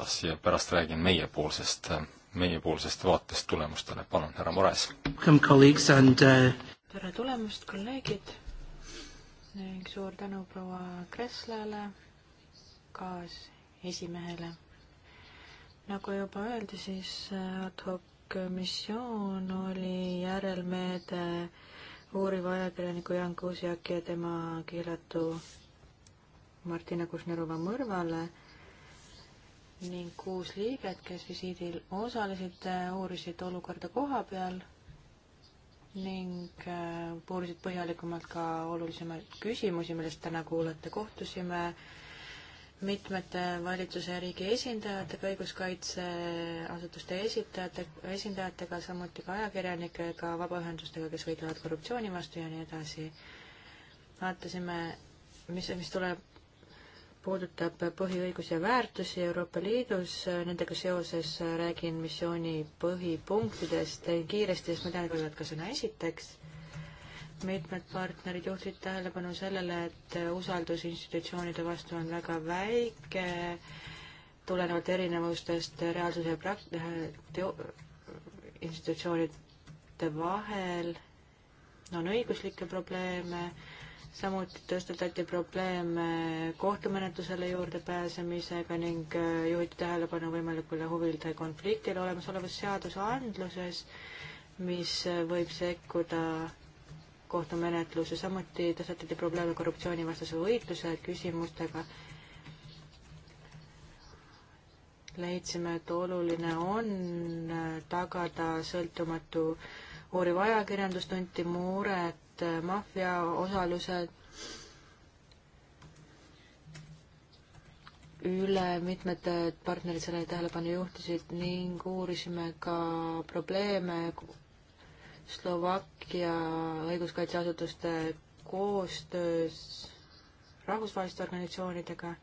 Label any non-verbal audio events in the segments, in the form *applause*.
otsas ja pärast räägin meiepoolsest, meiepoolsest vaatest tulemustele. palun, härra Mores. Uh, tere tulemast, kolleegid ning suur tänu proua Kresslale, kaasesimehele. nagu juba öeldi, siis äh, ad hoc missioon oli järelmeede uuriva ajakirjaniku Jan Kuusjaki ja tema keelatu Martina Kusnerova mõrvale ning kuus liiget, kes visiidil osalesid, uurisid olukorda koha peal ning puurisid äh, põhjalikumalt ka olulisemaid küsimusi, millest täna kuulete. kohtusime mitmete valitsuse ja riigi esindajatega, õiguskaitseasutuste esitajate, esindajatega, samuti ka ajakirjanikega, vabaühendustega, kes võitlevad korruptsiooni vastu ja nii edasi. vaatasime, mis, mis tuleb puudutab põhiõigusi ja väärtusi Euroopa Liidus, nendega seoses räägin missiooni põhipunktidest teen kiiresti, sest ma tean küll, et ka sõna esiteks. mitmed partnerid juhtisid tähelepanu sellele, et usaldus institutsioonide vastu on väga väike, tulenevalt erinevustest reaalsuse ja prak-, äh, teo-, institutsioonide vahel, on õiguslikke probleeme samuti tõstatati probleeme kohtumenetlusele juurdepääsemisega ning äh, juhiti tähelepanu võimalikule huvide konfliktile olemasolevas seadusandluses, mis äh, võib sekkuda kohtumenetluse, samuti tõstatati probleeme korruptsioonivastase võitluse küsimustega. leidsime, et oluline on äh, tagada sõltumatu uuriv ajakirjandus, tunti muret erinevad äh, maffia osalused üle mitmete partnerid sellele tähelepanu juhtisid ning uurisime ka probleeme Slovakkia õiguskaitseasutuste koostöös rahvusvaheliste organisatsioonidega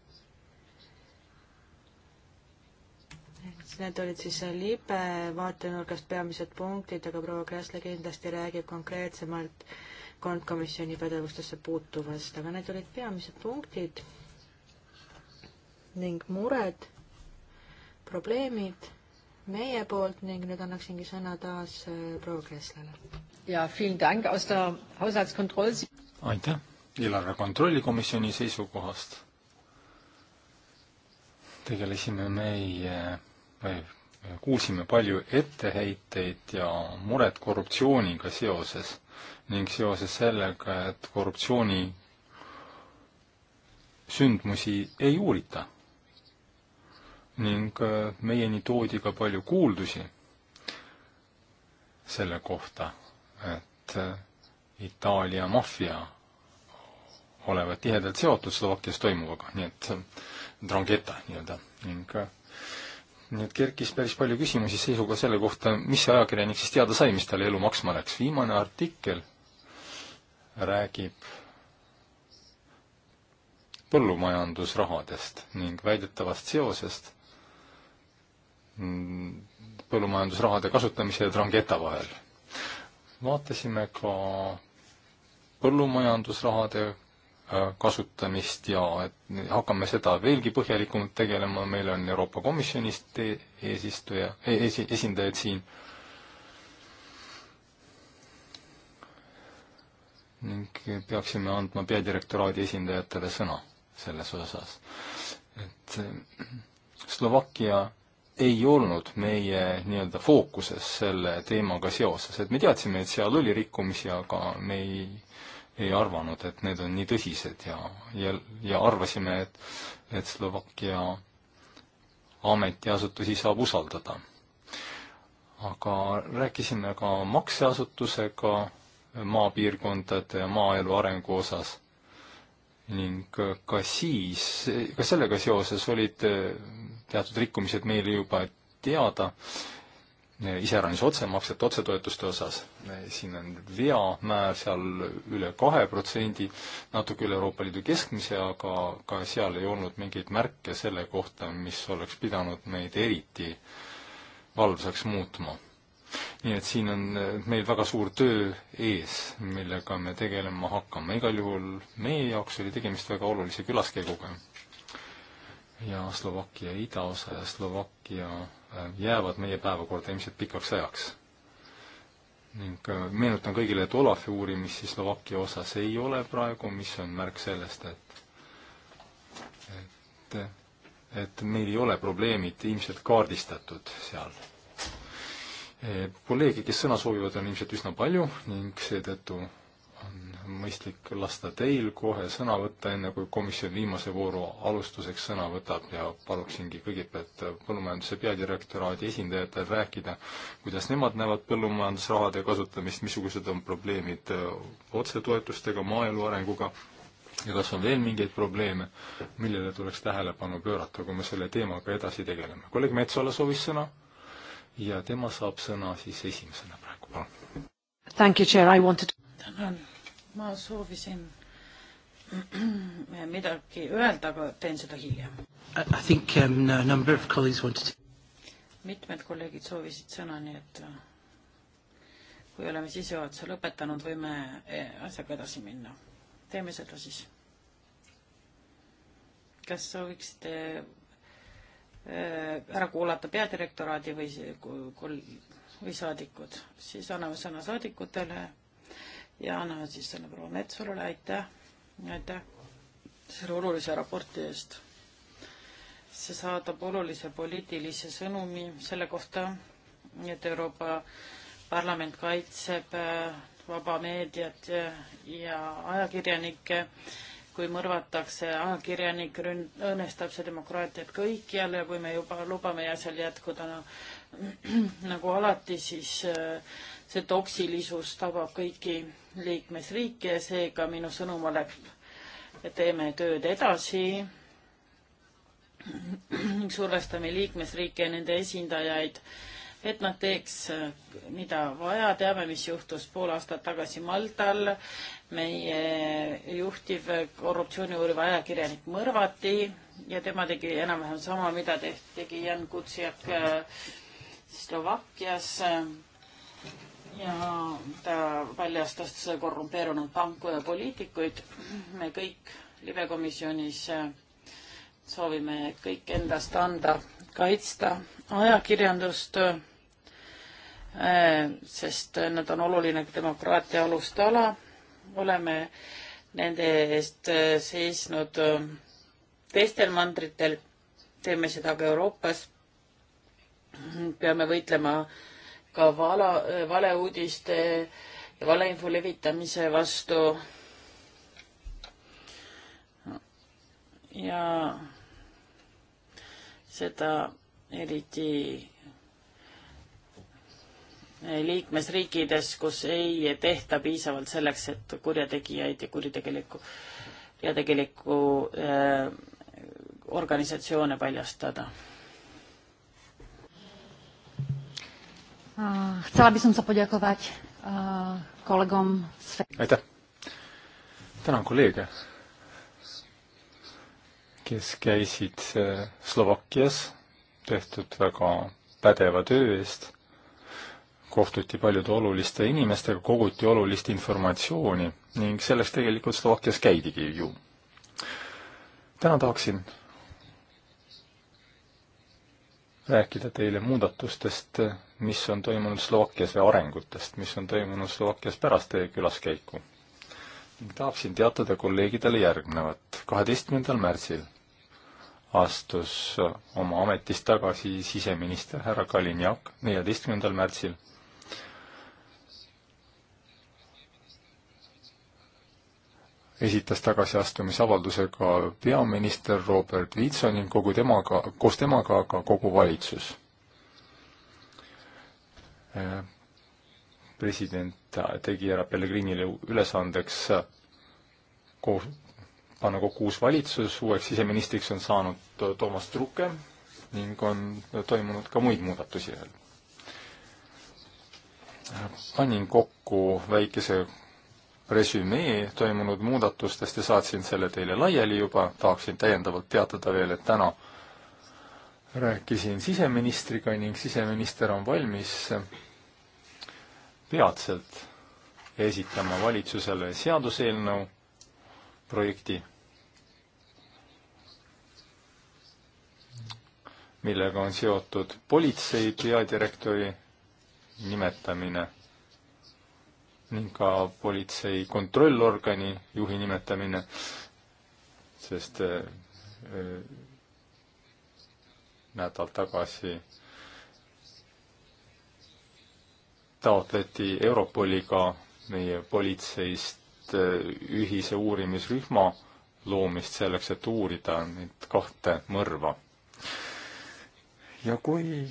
Need olid siis libe vaatenurgast peamised punktid, aga proua Kressle kindlasti räägib konkreetsemalt kontkomisjoni pädevustesse puutuvast, aga need olid peamised punktid ning mured, probleemid meie poolt ning nüüd annaksingi sõna taas äh, proua Kresslale. ja, aitäh, eelarve kontrolli komisjoni seisukohast tegelesime meie kuulsime palju etteheiteid ja muret korruptsiooniga seoses ning seoses sellega, et korruptsiooni sündmusi ei uurita. ning äh, meieni toodi ka palju kuuldusi selle kohta, et äh, Itaalia maffia olevat tihedalt seotud Slovakkias toimuvaga, nii et äh, Drangheta nii-öelda ning nii et kerkis päris palju küsimusi seisuga selle kohta, mis see ajakirjanik siis teada sai, mis talle elu maksma läks. viimane artikkel räägib põllumajandusrahadest ning väidetavast seosest põllumajandusrahade kasutamise ja Drangheta vahel. vaatasime ka põllumajandusrahade Äh, kasutamist ja et hakkame seda veelgi põhjalikumalt tegelema, meil on Euroopa Komisjonist e-, eesistuja, e-, esi-, esindajad siin ning peaksime andma peadirektoraadi esindajatele sõna selles osas. et äh, Slovakkia ei olnud meie nii-öelda fookuses selle teemaga seoses, et me teadsime, et seal oli rikkumisi, aga me ei ei arvanud, et need on nii tõsised ja, ja, ja arvasime, et, et Slovakkia ametiasutusi saab usaldada. aga rääkisime ka makseasutusega maapiirkondade ja maaelu arengu osas ning ka siis, ka sellega seoses olid teatud rikkumised meile juba teada iseäranis otsemaksete, otsetoetuste osas, siin on veamäär seal üle kahe protsendi, natuke üle Euroopa Liidu keskmise, aga ka seal ei olnud mingeid märke selle kohta, mis oleks pidanud meid eriti valvsaks muutma. nii et siin on meil väga suur töö ees, millega me tegelema hakkame, igal juhul meie jaoks oli tegemist väga olulise külaskäiguga. ja Slovakkia idaosa ja Slovakkia jäävad meie päevakorda ilmselt pikaks ajaks. ning äh, meenutan kõigile, et Olafi uurimist siis Slovakkia osas ei ole praegu, mis on märk sellest, et et, et meil ei ole probleemid ilmselt kaardistatud seal. kolleege, kes sõna soovivad, on ilmselt üsna palju ning seetõttu mõistlik lasta teil kohe sõna võtta, enne kui komisjon viimase vooru alustuseks sõna võtab ja paluksingi kõigepealt Põllumajanduse peadirektoraadi esindajatel rääkida, kuidas nemad näevad põllumajandusrahade kasutamist, missugused on probleemid otsetoetustega, maaelu arenguga ja kas on veel mingeid probleeme, millele tuleks tähelepanu pöörata, kui me selle teemaga edasi tegeleme. kolleeg Metsola soovis sõna ja tema saab sõna siis esimesena praegu, palun. Thank you, Chair, I wanted to tänan ma soovisin *clears throat* midagi öelda, aga teen seda hiljem. I think um, a number of colleagues wanted to mitmed kolleegid soovisid sõna, nii et äh, kui oleme sissejuhatuse lõpetanud, võime äh, asjaga edasi minna. teeme seda siis. kas sooviksite äh, ära kuulata peadirektoraadi või, või saadikud, siis anname sõna saadikutele ja anname siis sõna proua Metsolale, aitäh, aitäh selle olulise raporti eest. see saadab olulise poliitilise sõnumi selle kohta, et Euroopa Parlament kaitseb äh, vaba meediat ja, äh, ja ajakirjanikke, kui mõrvatakse ajakirjanik, õõnestab see demokraatiat kõikjal ja kui me juba lubame asjal jätkuda no, *clears throat* nagu alati, siis äh, see toksilisus tabab kõiki liikmesriike ja seega minu sõnum oleks, et teeme tööd edasi survestame liikmesriike ja nende esindajaid, et nad teeks, mida vaja, teame, mis juhtus pool aastat tagasi Maltal, meie juhtiv korruptsiooni uuriv ajakirjanik mõrvati ja tema tegi enam-vähem sama, mida tehti, tegi Jan Kutsiak äh, Slovakkias ja ta paljastas korrumpeerunud panku ja poliitikuid. me kõik libekomisjonis äh, soovime kõik endast anda, kaitsta ajakirjandust, äh, sest nad on oluline demokraatia alustala. oleme nende eest äh, seisnud teistel mandritel, teeme seda ka Euroopas. peame võitlema äh, ka vala, valeuudiste ja valeinfo levitamise vastu. ja seda eriti liikmesriikides, kus ei tehta piisavalt selleks, et kurjategijaid ja kuritegelikku, kurjategelikku äh, organisatsioone paljastada Chcela by som sa poďakovať uh, kolegom z aitäh! tänan kolleege, kes käisid eh, Slovakkias tehtud väga pädeva töö eest, kohtuti paljude oluliste inimestega, koguti olulist informatsiooni ning selleks tegelikult Slovakkias käidigi ju. täna tahaksin rääkida teile muudatustest, mis on toimunud Slovakkias ja arengutest, mis on toimunud Slovakkias pärast teie külaskäiku. tahaksin teatada kolleegidele järgnevat. kaheteistkümnendal märtsil astus oma ametist tagasi siseminister härra Kalinjak, neljateistkümnendal märtsil esitas tagasiastumisavaldusega peaminister Robert Wilson ning kogu temaga, koos temaga ka kogu valitsus. president tegi härra Pellegrinile ülesandeks koos, panna kokku uus valitsus, uueks siseministriks on saanud Toomas Truke ning on toimunud ka muid muudatusi veel. panin kokku väikese resümee toimunud muudatustest ja saatsin selle teile laiali juba, tahaksin täiendavalt teatada veel, et täna rääkisin siseministriga ning siseminister on valmis peatselt esitama valitsusele seaduseelnõu projekti, millega on seotud politsei peadirektori nimetamine ning ka politsei kontrollorgani juhi nimetamine, sest äh, äh, nädal tagasi taotleti Europoliga meie politseist äh, ühise uurimisrühma loomist selleks, et uurida neid kahte mõrva. ja kui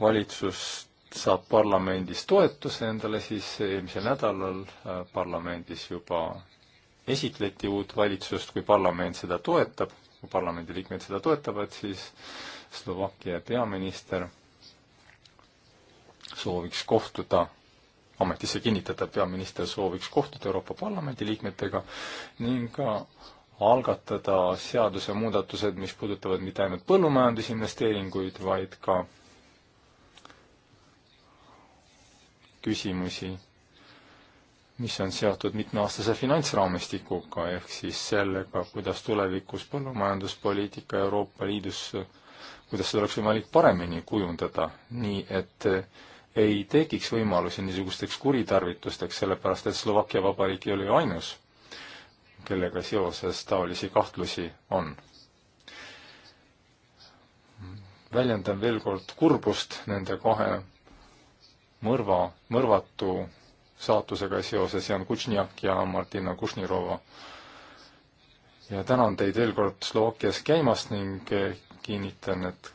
valitsus saab parlamendis toetuse endale, siis eelmisel nädalal äh, parlamendis juba esitleti uut valitsust, kui parlament seda toetab, kui parlamendiliikmed seda toetavad, siis Slovakkia peaminister sooviks kohtuda, ametisse kinnitada peaminister sooviks kohtuda Euroopa Parlamendi liikmetega ning ka algatada seadusemuudatused, mis puudutavad mitte ainult põllumajandusinvesteeringuid, vaid ka küsimusi, mis on seotud mitmeaastase finantsraamistikuga, ehk siis sellega, kuidas tulevikus põllumajanduspoliitika Euroopa Liidus, kuidas seda oleks võimalik paremini kujundada, nii et ei tekiks võimalusi niisugusteks kuritarvitusteks, sellepärast et Slovakkia Vabariik ei ole ju ainus, kellega seoses taolisi kahtlusi on väljendan veel kord kurbust nende kahe mõrva, mõrvatu saatusega seoses Jan Kutšnjak ja Martina Kušnirova. ja tänan teid veel kord Slovakkias käimast ning kinnitan, et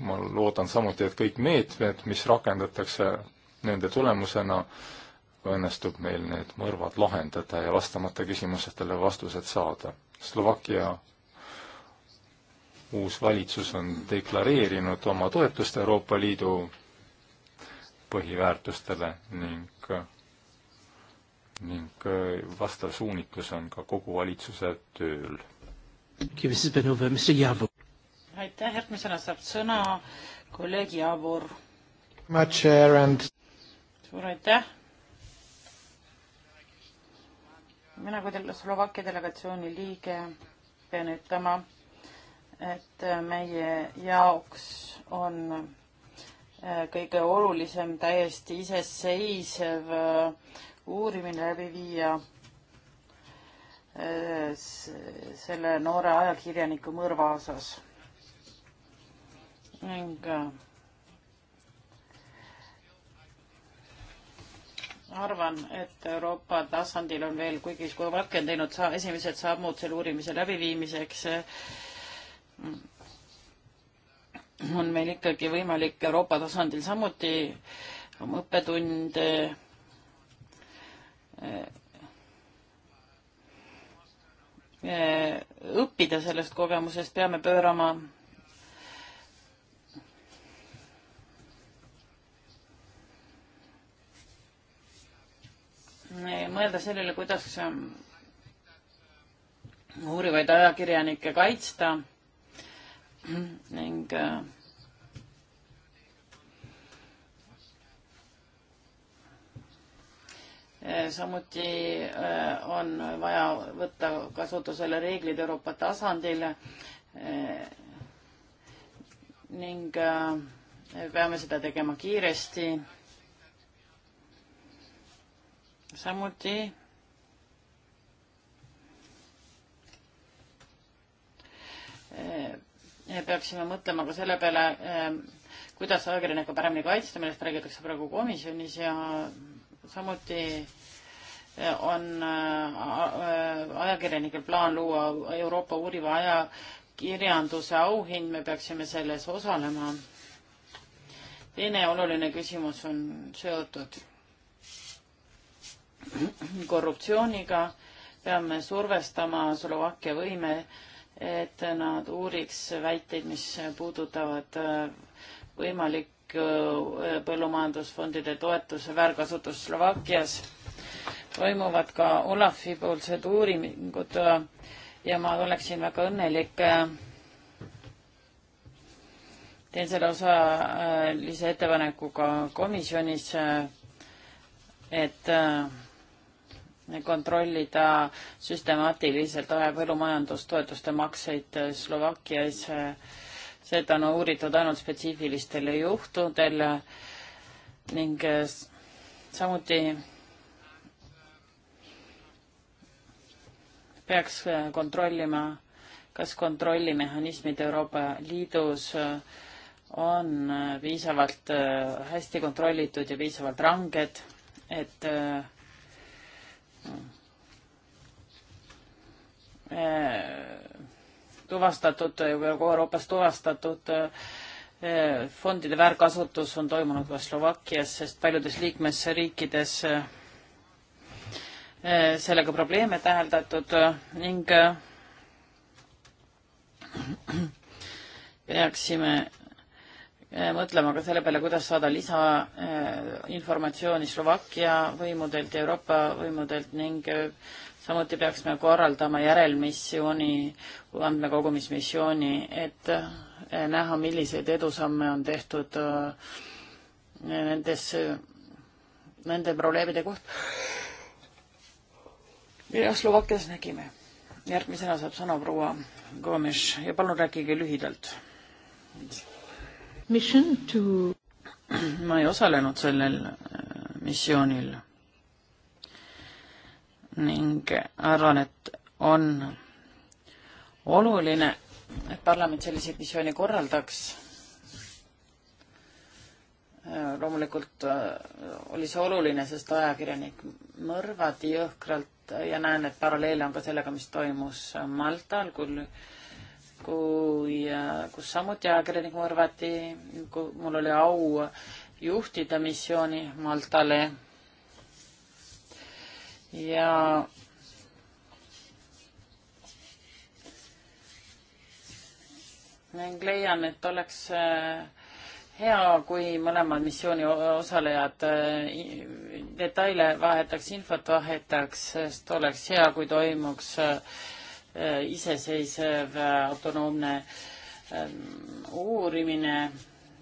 ma loodan samuti, et kõik meetmed, mis rakendatakse nende tulemusena, õnnestub meil need mõrvad lahendada ja vastamata küsimustele vastused saada. Slovakkia uus valitsus on deklareerinud oma toetust Euroopa Liidu põhiväärtustele ning, ning vastav suunitlus on ka kogu valitsuse tööl. aitäh, järgmisena saab sõna kolleeg Javor. suur aitäh. mina kui Slovakkia delegatsiooni liige pean ütlema, et meie jaoks on Äh, kõige olulisem täiesti iseseisev äh, uurimine läbi viia äh, selle noore ajakirjaniku mõrva osas. ning arvan, et Euroopa tasandil on veel, kuigi Slovakkia on teinud sa-, esimesed sammud selle uurimise läbiviimiseks, on meil ikkagi võimalik Euroopa tasandil samuti oma õppetunde eh, eh, õppida sellest kogemusest, peame pöörama eh, mõelda sellele, kuidas uurivaid ajakirjanikke kaitsta ning äh, äh, samuti äh, on vaja võtta kasutusele reeglid Euroopa tasandil ning peame seda tegema kiiresti. samuti peaksime mõtlema ka selle peale, ehm, kuidas ajakirjanikku paremini kaitsta, millest räägitakse praegu komisjonis ja samuti eh, on eh, ajakirjanikel plaan luua Euroopa uuriva ajakirjanduse auhind, me peaksime selles osalema. teine oluline küsimus on seotud korruptsiooniga, peame survestama Slovakkia võime et nad uuriks väiteid, mis puudutavad äh, võimalikku äh, põllumajandusfondide toetuse väärkasutust Slovakkias. toimuvad ka Olafi poolsed uuringud äh, ja ma oleksin väga õnnelik teen selle osalise ettepaneku ka komisjonis, et kontrollida süstemaatiliselt põllumajandustoetuste makseid Slovakkias. seda on uuritud ainult spetsiifilistel juhtudel ning samuti peaks kontrollima, kas kontrollimehhanismid Euroopa Liidus on piisavalt hästi kontrollitud ja piisavalt ranged, et äh, Äh, tuvastatud, nagu Euroopas tuvastatud äh, fondide väärkasutus on toimunud ka Slovakkias, sest paljudes liikmesriikides äh, sellega probleeme täheldatud ning *clears throat* peaksime Eh, mõtlema ka selle peale, kuidas saada lisainformatsiooni eh, Slovakkia võimudelt ja Euroopa võimudelt ning eh, samuti peaks me korraldama järelmissiooni, andmekogumismissiooni, et näha, milliseid edusamme on tehtud nendes, nende probleemide kohta, mida Slovakkias nägime. järgmisena saab sõna proua Gomes ja palun rääkige lühidalt mission to ma ei osalenud sellel äh, missioonil ning arvan, et on oluline, et parlament selliseid missioone korraldaks. Äh, loomulikult äh, oli see oluline, sest ajakirjanik mõrvati jõhkralt ja näen, et paralleele on ka sellega, mis toimus Maltal, kui kui, äh, kus samuti ajakirjanik mõrvati, kui mul oli au juhtida missiooni Maltale. ja ning leian, et oleks äh, hea, kui mõlemad missiooni osalejad äh, detaile vahetaks, infot vahetaks, sest oleks hea, kui toimuks äh, Äh, iseseisev äh, autonoomne ähm, uurimine,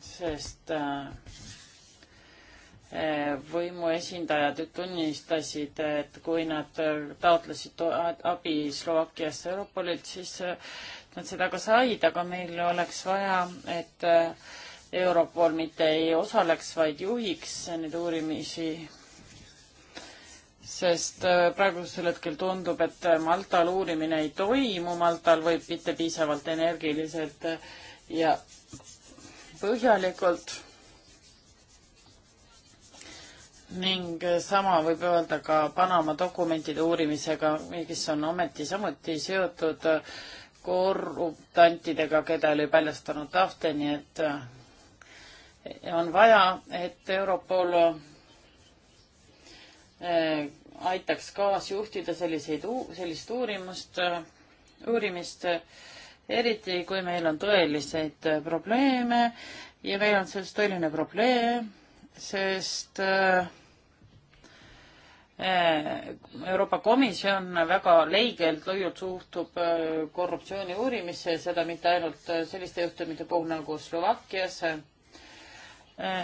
sest äh, võimu esindajad tunnistasid, et kui nad taotlesid abi Slovakkias Europolilt, siis nad seda ka said, aga meil oleks vaja, et Europol mitte ei osaleks, vaid juhiks neid uurimisi sest äh, praegusel hetkel tundub, et Maltal uurimine ei toimu, Maltal võib mitte piisavalt energiliselt ja põhjalikult. ning sama võib öelda ka Panama dokumentide uurimisega, mis on ometi samuti seotud korruptantidega, keda oli paljastanud tahte, nii et äh, on vaja, et Europol äh, aitaks kaasjuhtida selliseid, sellist uurimust, uurimist, eriti kui meil on tõeliseid probleeme ja meil on selles tõeline probleem, sest äh, Euroopa Komisjon väga leigelt, lõiult suhtub äh, korruptsiooni uurimisse ja seda mitte ainult selliste juhtumite puhul nagu Slovakkias äh,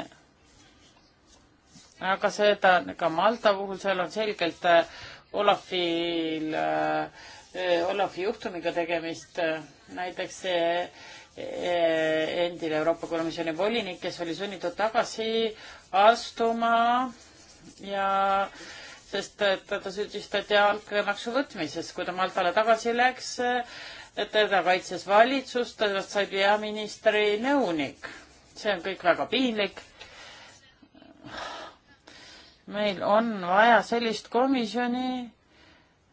aga seda ka Malta puhul, seal on selgelt äh, Olafil, äh, äh, Olafi juhtumiga tegemist, näiteks see endine Euroopa Komisjoni volinik, kes oli sunnitud tagasi astuma ja sest teda ta süüdistati altkäemaksu võtmises, kui ta Maltale tagasi läks, teda kaitses valitsus, temast sai peaministri nõunik. see on kõik väga piinlik meil on vaja sellist komisjoni,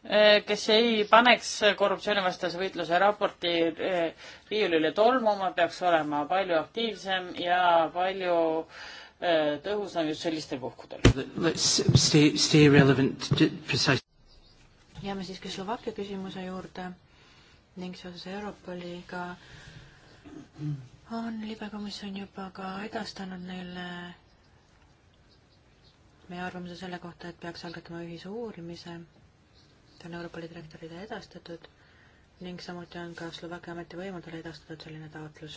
eh, kes ei paneks korruptsioonivastase võitluse raporti eh, riiulile tolmuma, peaks olema palju aktiivsem ja palju eh, tõhusam just sellistel puhkudel. jääme siiski Slovakkia küsimuse juurde ning seoses Europoliga on libekomisjon juba ka edastanud neile meie arvamuse selle kohta, et peaks algatama ühise uurimise, ta on Europoli direktorile edastatud ning samuti on ka Slovakkia ametivõimudele edastatud selline taotlus.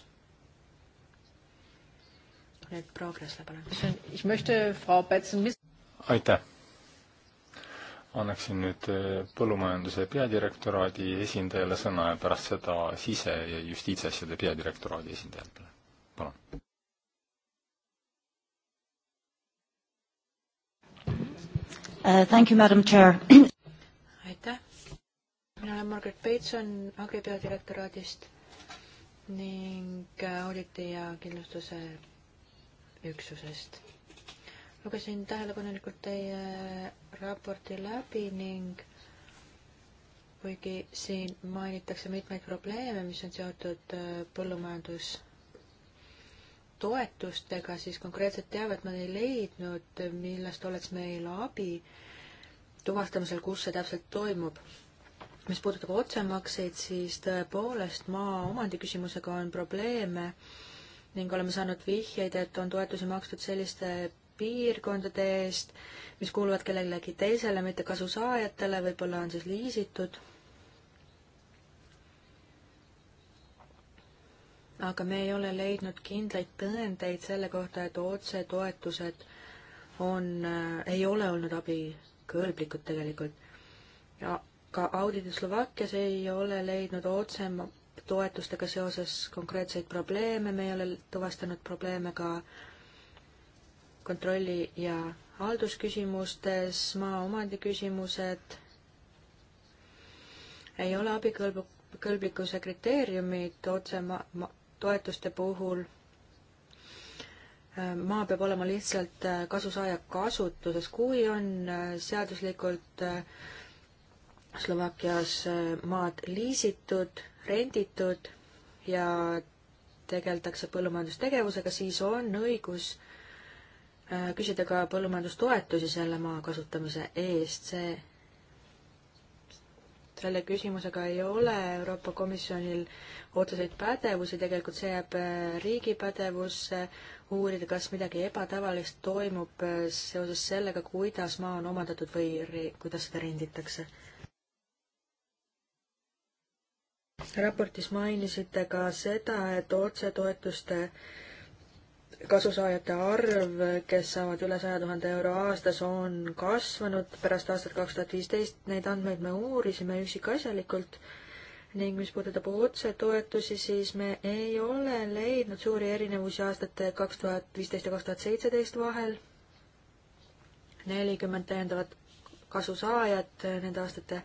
nüüd proua Kressle, palun. aitäh. annaksin nüüd äh, põllumajanduse peadirektoraadi esindajale sõna ja pärast seda sise- ja justiitsasjade peadirektoraadi esindajatele, palun. uh,. Thank you, madam chair. *clears throat* aitäh. mina olen Margaret Peitson Agri peadirektoraadist ning äh, auditi ja kindlustuse üksusest. lugesin tähelepanelikult teie raporti läbi ning kuigi siin mainitakse mitmeid probleeme, mis on seotud äh, põllumajandus toetustega, siis konkreetset teavet ma ei leidnud, millest oleks meil abi tuvastamisel, kus see täpselt toimub. mis puudutab otsemakseid, siis tõepoolest maa omandiküsimusega on probleeme ning oleme saanud vihjeid, et on toetusi makstud selliste piirkondade eest, mis kuuluvad kellelegi teisele, mitte kasusaajatele, võib-olla on siis liisitud aga me ei ole leidnud kindlaid tõendeid selle kohta, et otsetoetused on, äh, ei ole olnud abikõlblikud tegelikult. ja ka auditi Slovakkias ei ole leidnud otsema toetustega seoses konkreetseid probleeme, me ei ole tuvastanud probleeme ka kontrolli ja haldusküsimustes, maaomandi küsimused ei ole abikõlbu-, kõlblikkuse kriteeriumid otse ma-, ma-, toetuste puhul äh, maa peab olema lihtsalt äh, kasusaaja kasutuses, kui on äh, seaduslikult Slovakkias maad liisitud, renditud ja tegeldakse põllumajandustegevusega, siis on õigus küsida ka põllumajandustoetusi selle maa kasutamise eest, see selle küsimusega ei ole Euroopa Komisjonil otseseid pädevusi, tegelikult see jääb äh, riigi pädevusse, uurida, kas midagi ebatavalist toimub äh, seoses sellega, kuidas maa on omandatud või kuidas seda renditakse. raportis mainisite ka seda, et otsetoetuste kasusaajate arv, kes saavad üle saja tuhande euro aastas, on kasvanud pärast aastat kaks tuhat viisteist, neid andmeid me uurisime üksikasjalikult ning mis puudutab otsetoetusi, siis me ei ole leidnud suuri erinevusi aastate kaks tuhat viisteist ja kaks tuhat seitseteist vahel. nelikümmend täiendavat kasusaajat nende aastate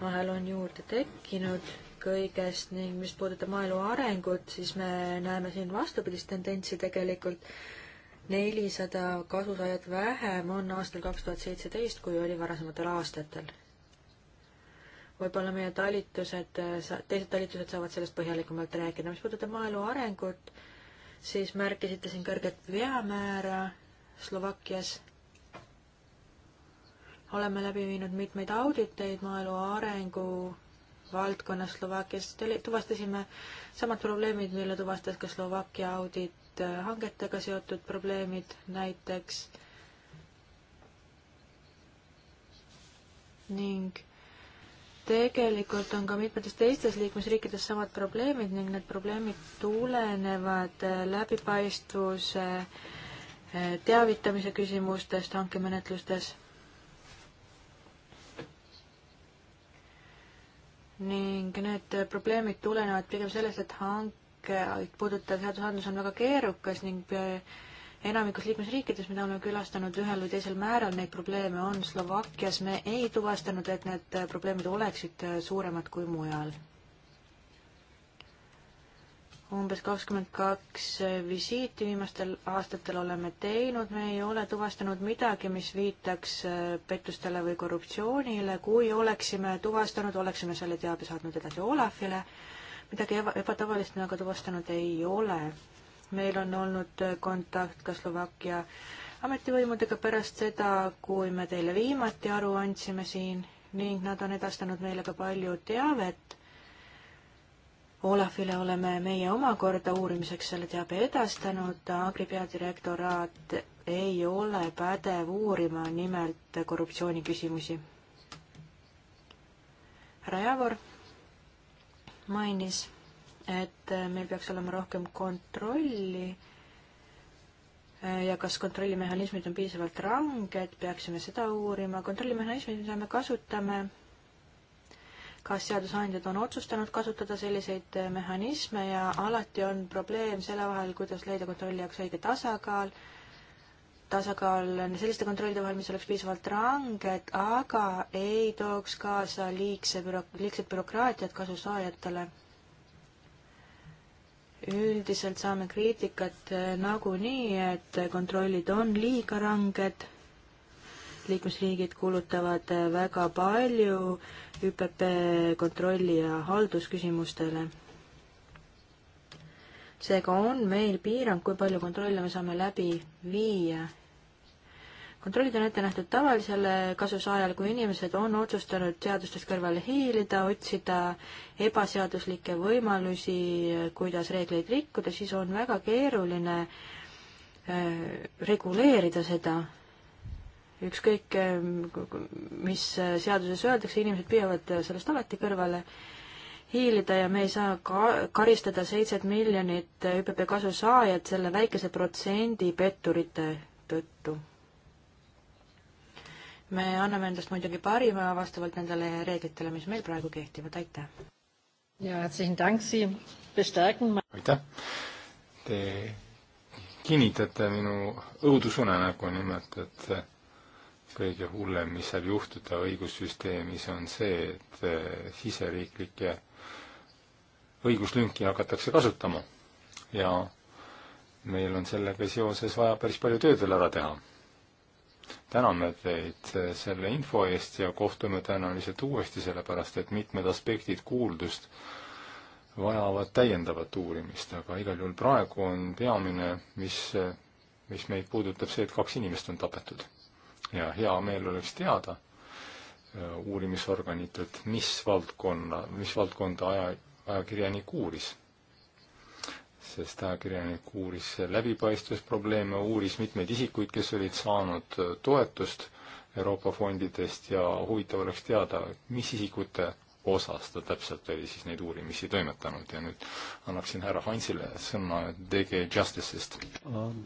vahel on juurde tekkinud kõigest ning mis puudutab maaelu arengut, siis me näeme siin vastupidist tendentsi tegelikult. nelisada kasusaajat vähem on aastal kaks tuhat seitseteist, kui oli varasematel aastatel. võib-olla meie talitused, teised talitused saavad sellest põhjalikumalt rääkida. mis puudutab maaelu arengut, siis märkisite siin kõrget veamäära Slovakkias oleme läbi viinud mitmeid auditeid maaelu arengu valdkonnas Slovakkias tuvastasime samad probleemid, mille tuvastas ka Slovakkia audit, äh, hangetega seotud probleemid näiteks ning tegelikult on ka mitmetes teistes liikmesriikides samad probleemid ning need probleemid tulenevad äh, läbipaistvuse äh, teavitamise küsimustest hankemenetlustes ning need probleemid tulenevad pigem sellest, et hankeid puudutav seadusandlus on väga keerukas ning enamikus liikmesriikides, mida oleme külastanud ühel või teisel määral, neid probleeme on. Slovakkias me ei tuvastanud, et need probleemid oleksid suuremad kui mujal umbes kakskümmend kaks visiiti viimastel aastatel oleme teinud, me ei ole tuvastanud midagi, mis viitaks äh, pettustele või korruptsioonile, kui oleksime tuvastanud, oleksime selle teabe saatnud edasi Olafile, midagi eba, ebatavalist me aga tuvastanud ei ole. meil on olnud äh, kontakt ka Slovakkia ametivõimudega pärast seda, kui me teile viimati aru andsime siin ning nad on edastanud meile ka palju teavet Olafile oleme meie omakorda uurimiseks selle teabe edastanud, Agri peadirektoraat ei ole pädev uurima nimelt korruptsiooniküsimusi. härra Javor mainis, et meil peaks olema rohkem kontrolli ja kas kontrollimehhanismid on piisavalt ranged, peaksime seda uurima, kontrollimehhanismid, mida me kasutame kas seadusandjad on otsustanud kasutada selliseid äh, mehhanisme ja alati on probleem selle vahel, kuidas leida kontrolli jaoks õige tasakaal, tasakaal selliste kontrollide vahel, mis oleks piisavalt ranged, aga ei tooks kaasa liigse büro-, liigset bürokraatiat kasusaajatele. üldiselt saame kriitikat äh, nagunii, et kontrollid on liiga ranged sest liikmesriigid kulutavad äh, väga palju ÜPP kontrolli ja haldusküsimustele. seega on meil piirang, kui palju kontrolle me saame läbi viia. kontrollid on ette nähtud tavalisele kasusaajale, kui inimesed on otsustanud seadustest kõrvale hiilida, otsida ebaseaduslikke võimalusi, äh, kuidas reegleid rikkuda, siis on väga keeruline äh, reguleerida seda ükskõik, ähm, mis seaduses öeldakse, inimesed püüavad sellest alati kõrvale hiilida ja me ei saa ka karistada seitset miljonit ÜPP kasu saajat selle väikese protsendi petturite tõttu. me anname endast muidugi parima vastavalt nendele reeglitele, mis meil praegu kehtivad, aitäh! aitäh! Te kinnitate minu õudusunenägu nimelt, et kõige hullem, mis saab juhtuda õigussüsteemis, on see, et eh, siseriiklikke õiguslünki hakatakse kasutama. ja meil on sellega seoses vaja päris palju tööd veel ära teha. täname teid eh, selle info eest ja kohtume tõenäoliselt uuesti, sellepärast et mitmed aspektid kuuldust vajavad täiendavat uurimist, aga igal juhul praegu on peamine, mis, eh, mis meid puudutab, see, et kaks inimest on tapetud ja hea meel oleks teada äh, uurimisorganitelt, mis valdkonna, mis valdkonda aja, ajakirjanik uuris. sest ajakirjanik uuris läbipaistvusprobleeme, uuris mitmeid isikuid, kes olid saanud äh, toetust Euroopa fondidest ja huvitav oleks teada, mis isikute osas ta täpselt oli siis neid uurimisi toimetanud ja nüüd annaksin härra Hansile sõna DG Justice'ist um..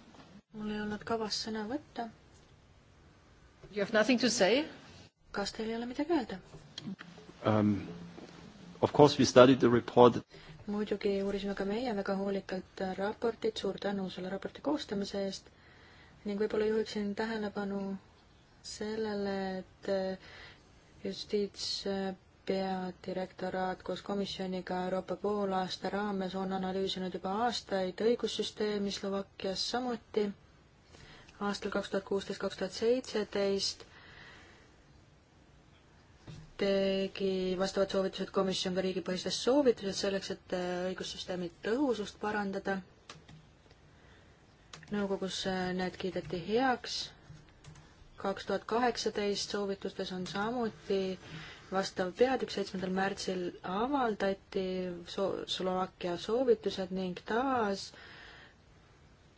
mul ei olnud kavas sõna võtta You have nothing to say? kas teil ei ole midagi öelda um,? Of course we studied the report. muidugi uurisime ka meie väga hoolikalt raportit, suur tänu selle raporti koostamise eest ning võib-olla juhiksin tähelepanu sellele, et eh, justiitspeadirektoraat eh, koos komisjoniga Euroopa poolaasta raames on analüüsinud juba aastaid õigussüsteemi Slovakkias samuti aastal kaks tuhat kuusteist, kaks tuhat seitseteist tegi vastavad soovitused komisjon ka riigipõhises soovituses selleks, et äh, õigussüsteemi tõhusust parandada. nõukogus äh, need kiideti heaks. kaks tuhat kaheksateist soovitustes on samuti vastav peatükk seitsmendal märtsil avaldati so Slovakkia soovitused ning taas äh,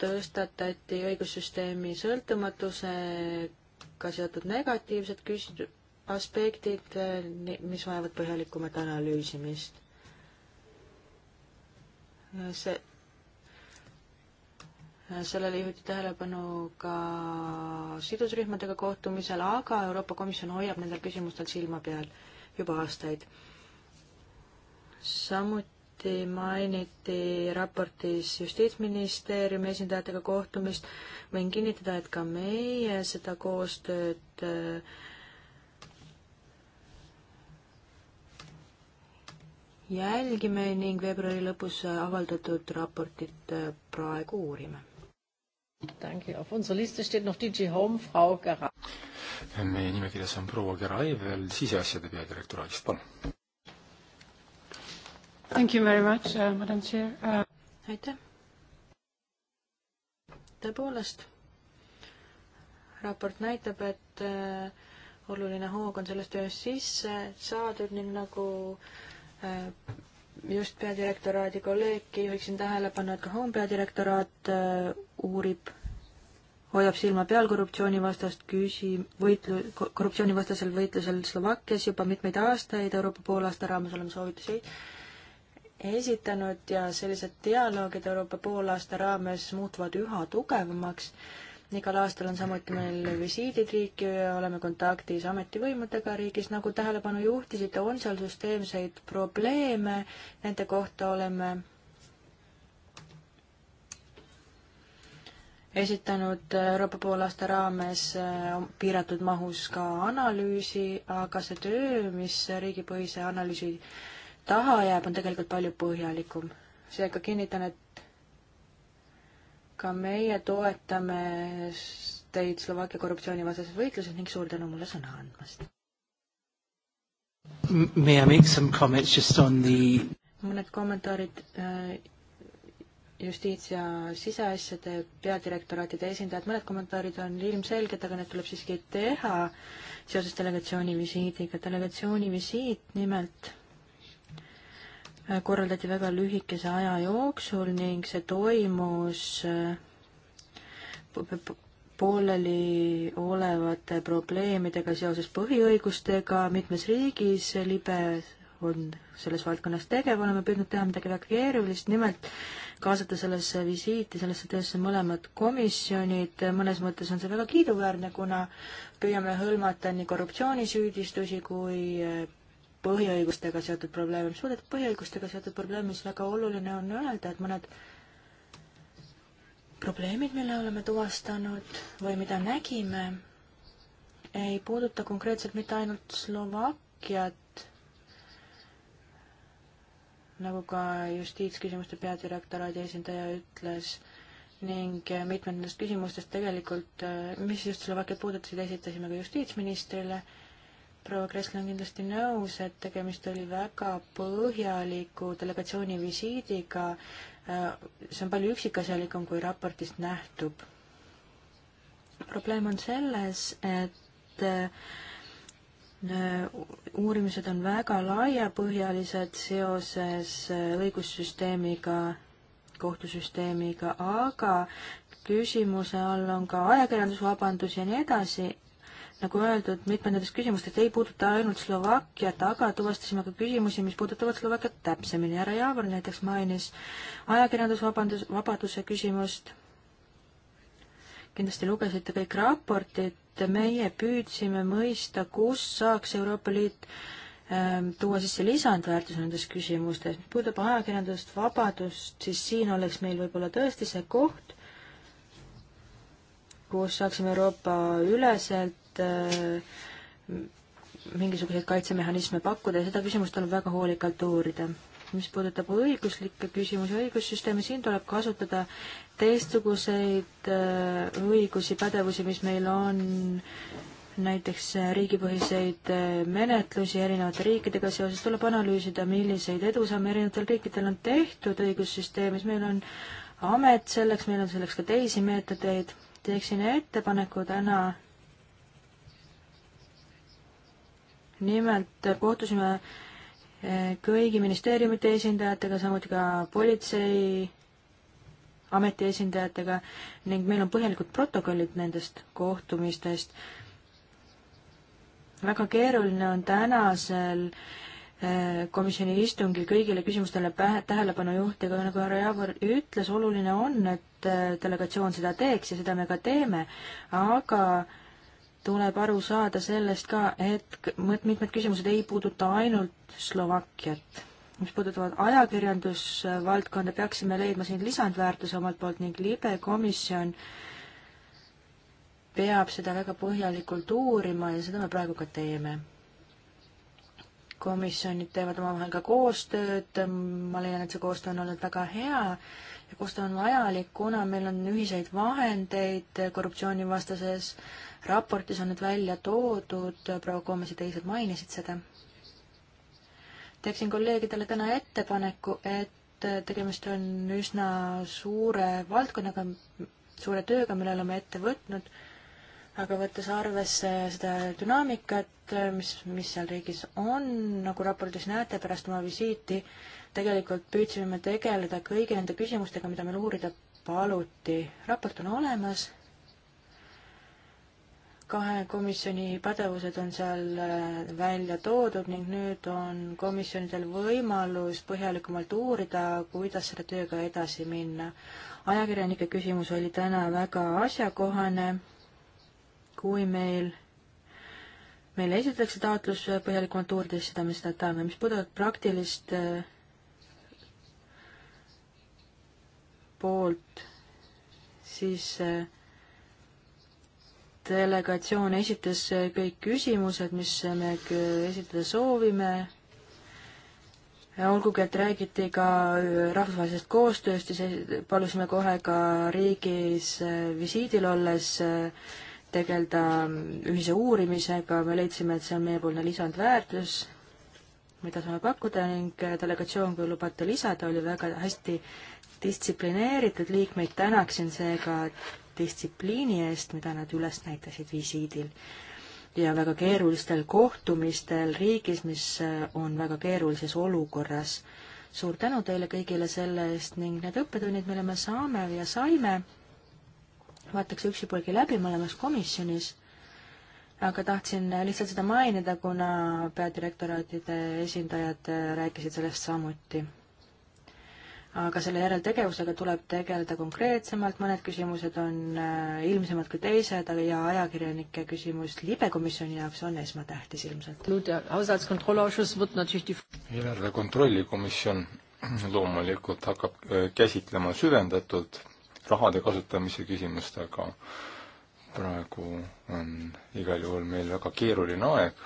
tõstatati õigussüsteemi sõltumatusega seotud negatiivsed küs-, aspektid, mis vajavad põhjalikumat analüüsimist. see, sellele juhiti tähelepanu ka sidusrühmadega kohtumisel, aga Euroopa Komisjon hoiab nendel küsimustel silma peal juba aastaid. samuti samuti mainiti raportis Justiitsministeeriumi esindajatega kohtumist. võin kinnitada, et ka meie seda koostööd äh, jälgime ning veebruari lõpus avaldatud raportit äh, praegu uurime. Danke, auf unserer Liste steht noch DJ Home, Frau Gara- meie nimekirjas on proua Gerai veel siseasjade peadirektoraadist, palun. Thank you very much uh,, madam chair uh.... aitäh. tõepoolest, raport näitab, et äh, oluline hoog on sellest tööst sisse saadud ning nagu äh, just peadirektoraadi kolleegki juhiksin tähelepanu, et ka Home peadirektoraat äh, uurib, hoiab silma peal korruptsioonivastast küsi-, võitlu-, korruptsioonivastasel võitlusel Slovakkias juba mitmeid aastaid, Euroopa poolaasta raames oleme soovitusi esitanud ja sellised dialoogid Euroopa poolaasta raames muutuvad üha tugevamaks. igal aastal on samuti meil visiidid riiki ja oleme kontaktis ametivõimudega riigis. nagu tähelepanu juhtisite, on seal süsteemseid probleeme, nende kohta oleme esitanud Euroopa poolaasta raames äh, piiratud mahus ka analüüsi, aga see töö, mis riigipõhise analüüsi taha jääb, on tegelikult palju põhjalikum. seega kinnitan, et ka meie toetame teid Slovakkia korruptsioonivastases võitluses ning suur tänu mulle sõna andmast. May I make some comments just on the mõned kommentaarid äh, justiits- ja siseasjade peadirektoraatide esindajad, mõned kommentaarid on ilmselged, aga need tuleb siiski teha seoses delegatsiooni visiidiga. delegatsiooni visiit nimelt korraldati väga lühikese aja jooksul ning see toimus äh, pooleli olevate probleemidega seoses põhiõigustega mitmes riigis, libe on selles valdkonnas tegev, oleme püüdnud teha midagi väga keerulist, nimelt kaasata sellesse visiiti, sellesse töösse mõlemad komisjonid, mõnes mõttes on see väga kiiduväärne, kuna püüame hõlmata nii korruptsioonisüüdistusi kui äh, põhiõigustega seotud probleeme. mis puudutab põhiõigustega seotud probleeme, siis väga oluline on öelda, et mõned probleemid, mille oleme tuvastanud või mida nägime, ei puuduta konkreetselt mitte ainult Slovakkiat, nagu ka justiitsküsimuste peadirektoraadi esindaja ütles, ning mitmed nendest küsimustest tegelikult, mis just Slovakkiat puudutasid, esitasime ka justiitsministrile proua Kressle on kindlasti nõus, et tegemist oli väga põhjaliku delegatsiooni visiidiga. Äh, see on palju üksikasjalikum, kui raportist nähtub. probleem on selles, et äh, uurimised on väga laiapõhjalised seoses äh, õigussüsteemiga, kohtusüsteemiga, aga küsimuse all on ka ajakirjandusvabandus ja nii edasi nagu öeldud, mitmed nendest küsimustest ei puuduta ainult Slovakkiat, aga tuvastasime ka küsimusi, mis puudutavad Slovakkiat täpsemini. härra Jaavor näiteks mainis ajakirjandusvabandus, vabaduse küsimust. kindlasti lugesite kõik raportit, meie püüdsime mõista, kus saaks Euroopa Liit ähm, tuua sisse lisandväärtus nendes küsimustes. mis puudutab ajakirjandust, vabadust, siis siin oleks meil võib-olla tõesti see koht, kus saaksime Euroopa üleselt et äh, mingisuguseid kaitsemehhanisme pakkuda ja seda küsimust tuleb väga hoolikalt uurida. mis puudutab õiguslikke küsimusi, õigussüsteemi, siin tuleb kasutada teistsuguseid äh, õigusi, pädevusi, mis meil on näiteks riigipõhiseid äh, menetlusi erinevate riikidega seoses, tuleb analüüsida, milliseid edusamme erinevatel riikidel on tehtud õigussüsteemis, meil on amet selleks, meil on selleks ka teisi meetodeid, teeksin ettepaneku täna nimelt kohtusime eh, kõigi ministeeriumite esindajatega, samuti ka politsei ameti esindajatega ning meil on põhjalikud protokollid nendest kohtumistest. väga keeruline on tänasel eh, komisjoni istungil kõigile küsimustele tähelepanu juhtida, nagu härra Javor ütles, oluline on, et eh, delegatsioon seda teeks ja seda me ka teeme, aga äh, tuleb aru saada sellest ka, et mitmed küsimused ei puuduta ainult Slovakkiat. mis puudutavad ajakirjandusvaldkonda, peaksime leidma siin lisandväärtuse omalt poolt ning libe komisjon peab seda väga põhjalikult uurima ja seda me praegu ka teeme komisjonid teevad omavahel ka koostööd, ma leian, et see koostöö on olnud väga hea ja koostöö on vajalik, kuna meil on ühiseid vahendeid korruptsioonivastases raportis on need välja toodud, proua Koomes ja teised mainisid seda. teeksin kolleegidele täna ettepaneku, et tegemist on üsna suure valdkonnaga, suure tööga, mille oleme ette võtnud aga võttes arvesse seda dünaamikat, mis, mis seal riigis on, nagu raportis näete, pärast oma visiiti tegelikult püüdsime me tegeleda kõigi nende küsimustega, mida meil uurida paluti. raport on olemas, kahe komisjoni pädevused on seal äh, välja toodud ning nüüd on komisjonidel võimalus põhjalikumalt uurida, kuidas selle tööga edasi minna. ajakirjanike küsimus oli täna väga asjakohane kui meil meile esitatakse taotlus põhjalikumalt uurida, siis seda me seda teame. mis puudutab praktilist äh, poolt, siis äh, delegatsioon esitas äh, kõik küsimused, mis me esitada soovime olgugi, et räägiti ka rahvusvahelisest koostööst ja palusime kohe ka riigis visiidil olles tegeleda ühise uurimisega, me leidsime, et see on meiepoolne lisandväärtus, mida saame pakkuda ning delegatsioon, kui lubate lisada, oli väga hästi distsiplineeritud, liikmeid tänaksin seega distsipliini eest, mida nad üles näitasid visiidil. ja väga keerulistel kohtumistel riigis, mis on väga keerulises olukorras. suur tänu teile kõigile selle eest ning need õppetunnid, mille me saame ja saime, vaataks üksipulgi läbi mõlemas komisjonis, aga tahtsin lihtsalt seda mainida, kuna peadirektoraatide esindajad rääkisid sellest samuti. aga selle järeltegevusega tuleb tegeleda konkreetsemalt, mõned küsimused on äh, ilmsemad kui teised, aga ja ajakirjanike küsimus libekomisjoni jaoks on esmatähtis ilmselt. Äh, eelarve kontrollikomisjon *clears throat* loomulikult hakkab äh, käsitlema süvendatult rahade kasutamise küsimust, aga praegu on igal juhul meil väga keeruline aeg,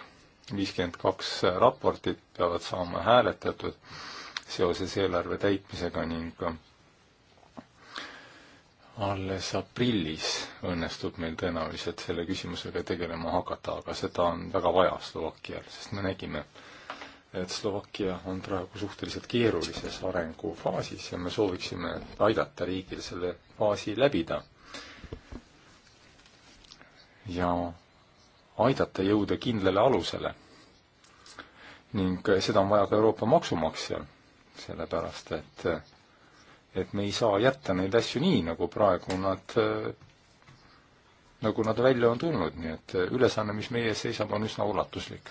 viiskümmend kaks raportit peavad saama hääletatud seoses eelarve täitmisega ning alles aprillis õnnestub meil tõenäoliselt selle küsimusega tegelema hakata, aga seda on väga vaja Slovakkial, sest me nägime, et Slovakkia on praegu suhteliselt keerulises arengufaasis ja me sooviksime aidata riigil selle faasi läbida ja aidata jõuda kindlale alusele. ning seda on vaja ka Euroopa maksumaksjal, sellepärast et, et me ei saa jätta neid asju nii, nagu praegu nad, nagu nad välja on tulnud, nii et ülesanne, mis meie ees seisab, on üsna ulatuslik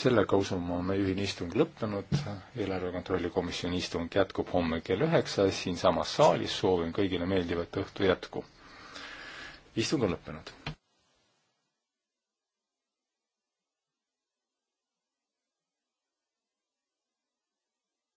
sellega usume, on meie ühine istung lõppenud, eelarve kontrolli komisjoni istung jätkub homme kell üheksa siinsamas saalis, soovin kõigile meeldivat õhtu jätku. istung on lõppenud.